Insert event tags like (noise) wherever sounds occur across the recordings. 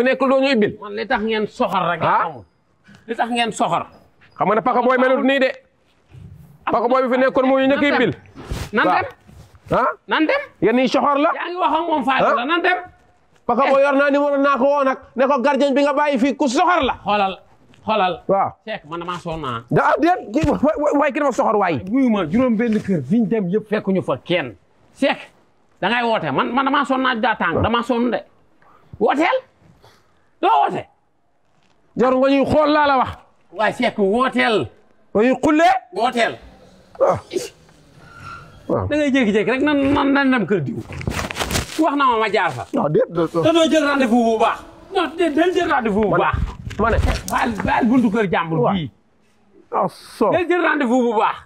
fi nekk doo ñu ibbil. man tax ngeen soxor rek. ah li tax ngeen soxor. xam nga ne paka booy melut nii de. Ah. paka booy bi moo ñu njëkk nan dem ah nan soxor la. yaa ngi wax ak moom Fatou ah? la nan dem. paka booy eh. yor naa numéro naa ko woo nag ne ko bi nga bàyyi fii ku soxor la. xoolal xoolal. waaw Seck man damaa sonn naa. ah déet kii soxor waay. wuyu ma juróom benn kër fi ñu dem yëpp da ngay woote man man damaa soon naa jaa ah. damaa sonn de wooteel doo woote. jar nga ñuy laala laa la wax. waaye Cheikh wooteel. nga ñuy xullee. wooteel. Ah. Ah. rek nan nan nan kër diw. wax na ma ma jaar fa. non ah, doo jël rendez-vous baax. non déet déet jël baax. ma baal buntu kër jàmbur bii. ah so déet jël bu baax.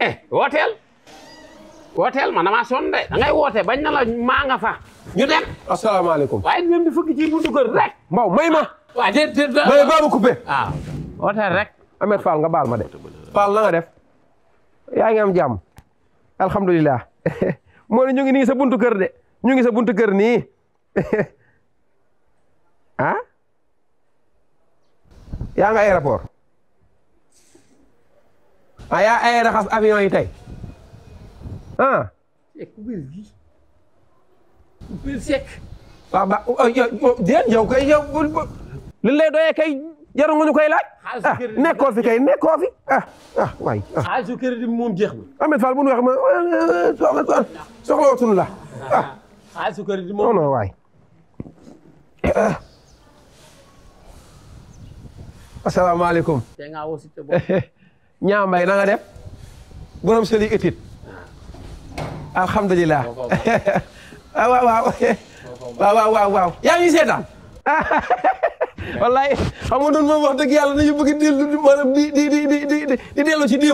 eh wooteel. wooteel ma damaa sonn de da ngay woote bañ na la maa fa. ñu dem. asalaamaaleykum. waaye ñoom di fukki ci buntu kër rek. mbaw may ma. may ba ma coupé. waaw wooteel rek. nga baal ma de. Fall na def. yaa ngi am jàmm. alhamdulilah. (laughs) moo ne ñu ngi sa buntu kër de ñu ngi sa buntu kër nii (laughs) ah. yaa nga aéroport. ah yaa ay raxas avion yi tey ah. biir ba déet yow kay yow li lay doyee kay jaru ñu koy laaj. ah nekkoo fi kay nekkoo fi ah ah waay. Ah. xaalisu crédit bi moom jeex na. Ah, ah. xaalisu crédit moom non non waay. Ah. asalaamaaleykum. (laughs) na nga seli étude. alhamdulilah. (laughs) Wow, wow, wow. Wow, wow, wow, wow. Yang ini setan. Wallahi, kamu dun mau waktu kial nih juga di di di di di di di di di di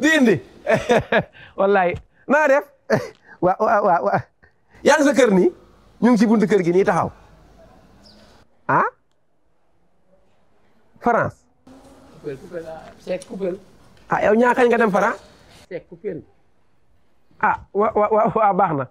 di di nah deh, wow wow wow wow Yang seker ni nyung si pun seker gini tahu. Ah? Farah Kupel, kupel, saya kupel. Ah, yang nyakain kadang France? Saya kupel. Ah, wah wah wah wah bahna.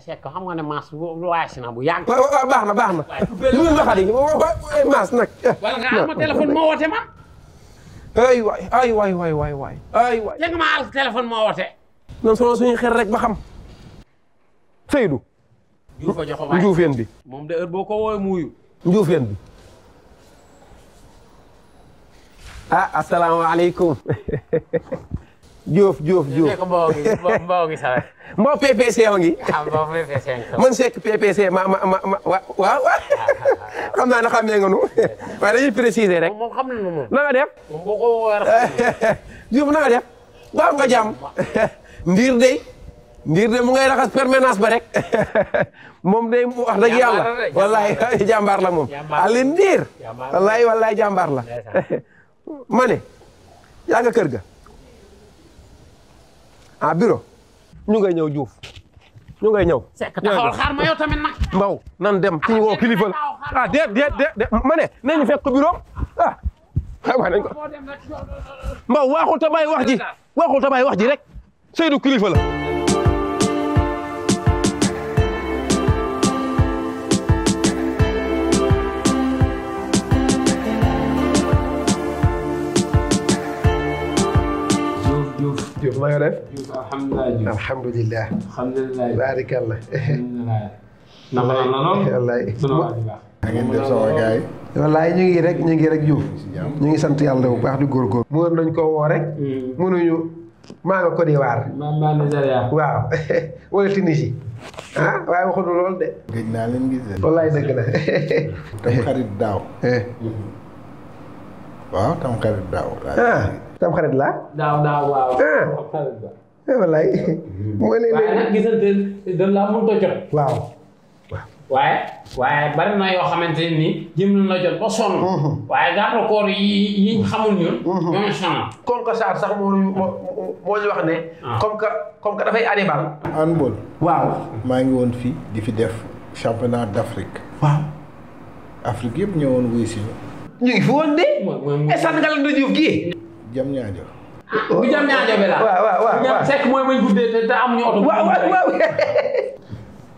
Cheikh xam nga ne Mass voyage na bu yàgg. waaw waaw baax na baax na. lu ngeen waxati eh, Mass nag. wala nga am ma téléphone moo woote ma. ay waay ay waay waay waay waay ay waay. nga ma al téléphone moo woote. nan sono suñu xel rek ba xam. Seydou. Diouf a jox ko waay Ndioufène bi. moom de heure boo ko woowee muuyu. Ndioufène bi. ah asalaamaaleykum. (laughs) Diouf Diouf Diouf nekk Mbow gi Mbow gi sax. (laughs) Mbow PPC ma ngi. ah Mbow PPC ngi. man PPC ma ma ma ma wa. waaw. (laughs) xam naa ne nga nu (laughs) waaye dañuy préciser rek. moom xam nañu moom. na nga def. moom boo ko war a xam. Diouf na nga def. ba am nga jàmm. ndiir dey. ndiir de mu ngay raxas permanence ba rek mu wax wallahi jambar la Mom. ali wallahi wallahi jambar la ma ne nga kër ga ah bureau ñu ngay ñëw Diouf ñu ngay ñëw. sekk Mbaw nan dem ki ñu woo kilifa la ah déet déet déet ma ne nañu fekk ko bureau ah. ah. waaw nañ ko Mbaw waxul ta wax ji waxul wax ji rek Seydou kilifa la. na nga def. alhamdulilah. alhamdulilah. baarikallah. na ngeen def sama gaay wallaay ñu ngi rek ñu ngi rek Diouf ñu ngi sant yàlla bu baax di góorgóor mu nañ koo woo rek mënuñu mm. maa nga Côte d'Ivoire maa Nigeria waaw (laughs) wala Tunisie ah waaye waxuñu loolu de gëj gis wallaay dëgg la tam xarit daaw eh. mm-hmm. waaw tam xarit daaw. ah laa. Ah. Eh, wallaay. moo ne waaye gisante dañ laa mënut jot. waaw. waaye. waaye bari na yoo xamante ne nii jëm nañ la jot ba sonn. Mm-hmm. waaye gàttal koor yi yi xamul ñun. Mm-hmm. ñoo sonn. comme que Sarr sax moo moo ñu wax ne. Ah. comme que comme que dafay adébal. handball. waaw. maa ngi woon fii di fi def championnat d' Afrique. waaw. Afrique yëpp ñëwoon wuyu si Nyi ngi Esan woon de. esaan nga Jamnya aja juuf gii. jam ñaajo. bu jam ñaajo bi la. wa wa. waaw ñam sekk moy bañ te am ñu auto. Wa wa wa.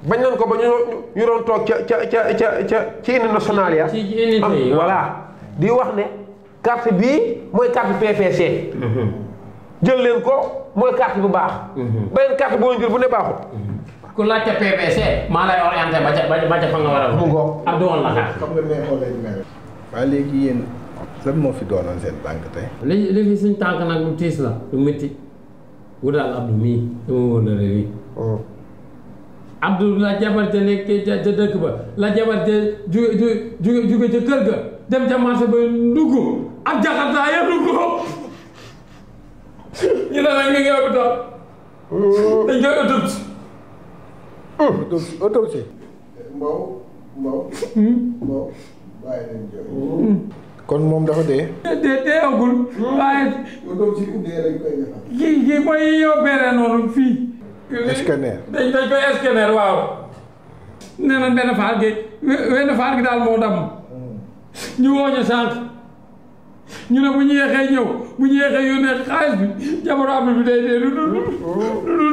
bañ nañ ko ba ñu ñu doon toog ca ca ca ca ca ci national ya. ci indi yi voilà di wax ne carte bi moy carte PPC. jël len ko moy carte bu baax. beneen carte boo ngir bu ne baaxul. ku laajte PPC. ma lay orienter ba ca ba ca fa nga wara. a. mu ngo. ak doon la xam nga waaye léegi yéen moo fi doonoon seen tànk tey. li li fi suñ tànk nag lu tiis la lu métti wutaal Abdou mii dama wóor na réew yi. Oh. Abdou la jabar te nekk ca dëkk ba la jabar te ju ju kër ga dem ca marché ba ndugg ak jakarta ya ndugg ñu ne la ñu ngi hôpital. Oh. dañ koy autopsie. Oh, autopsie autopsie. Mbow Mbow. Hmm? Mbow. kon moom dafa dee. dee deewagul. waaye. kii kii mooy yow beeree noonu fii. scanner dañ dañ koy scanner waaw. nee benn faar gi wenn faar gi daal moo damm. ñu woo ñu sànq. ñu ne bu ñu yéexee ñëw bu ñu yéexee yónnee xaalis bi jamono am bi day dee du du du du du du du du du du du du du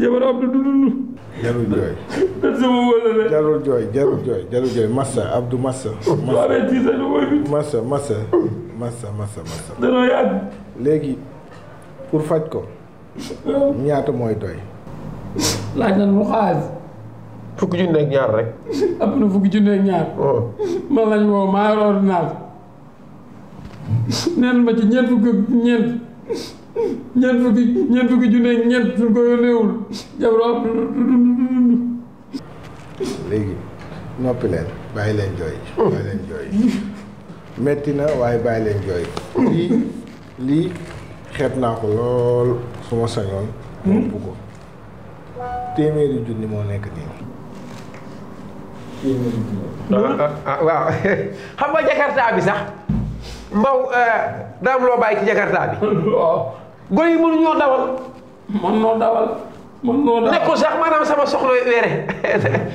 du du du du du jarul jooy. sama wóor la jarul jooy jarul jooy jarul jooy Massa Massa. Massa Massa Massa Massa Massa. danoo yàgg. léegi pour faj ko. ñaata mooy doy. laaj na lu xaalis. fukki junne ñaar rek. ëpp na fukki junne ñaar. Oh. man lañ woo maa yor ordonnance. neen ma ci ñeent fukk ñeent. ñeent fukki ñeent fukki junne ak ñeent suñ ko yónneewul léegi noppi leen bàyyi leen jooy bàyyi leen jooy metti na waaye bàyyi leen jooy lii lii xeet naa ko lool su ma sañoon moom ko téeméeri junni moo nekk nii ah, ah, ah, waaw (laughs) xam nga jakarta bi sax mbaw euh, daam bàyyi ci jakarta bi (laughs) gone yi mënuñoo dawal mën noo dawal mën noo dawal nekkul sax maanaam sama soxla weere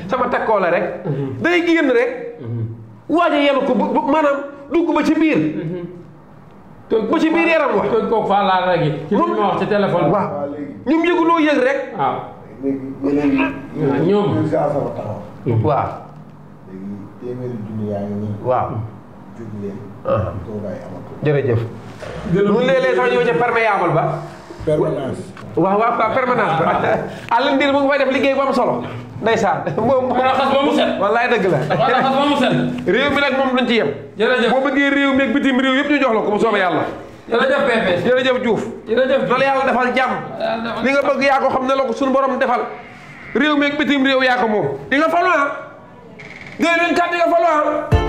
sama takkoo la rek day génn rek waaja yenu ko bu maanaam dugg ba ci biir ba ci biir yaram wax toj kooku faa laal rek ci li ma wax ci téléphone waaw ñoom yëguloo yëg rek waaw léegi ñoom waaw waaw jërëjëf ñun léeg-léeg sax ñëw ca perméable ba permanence waaw waaw waaw permanence ba àll ndir mu ngi fay def liggéey bu am solo ndeysaan moom raxas ba mu set wallaay dëgg la raxas ba mu set réew mi nag moom duñ ci yem jërëjëf boo bëggee réew mi ak bitim réew yëpp ñu jox la ko bu soobee yàlla jërëjëf Pepe jërëjëf Diouf jërëjëf na yàlla defal jàmm li nga bëgg yaa ko xam ne la ko suñu borom defal réew mi ak bitim réew yaa ko moom di nga falu ah gën leen kàddu nga falu ah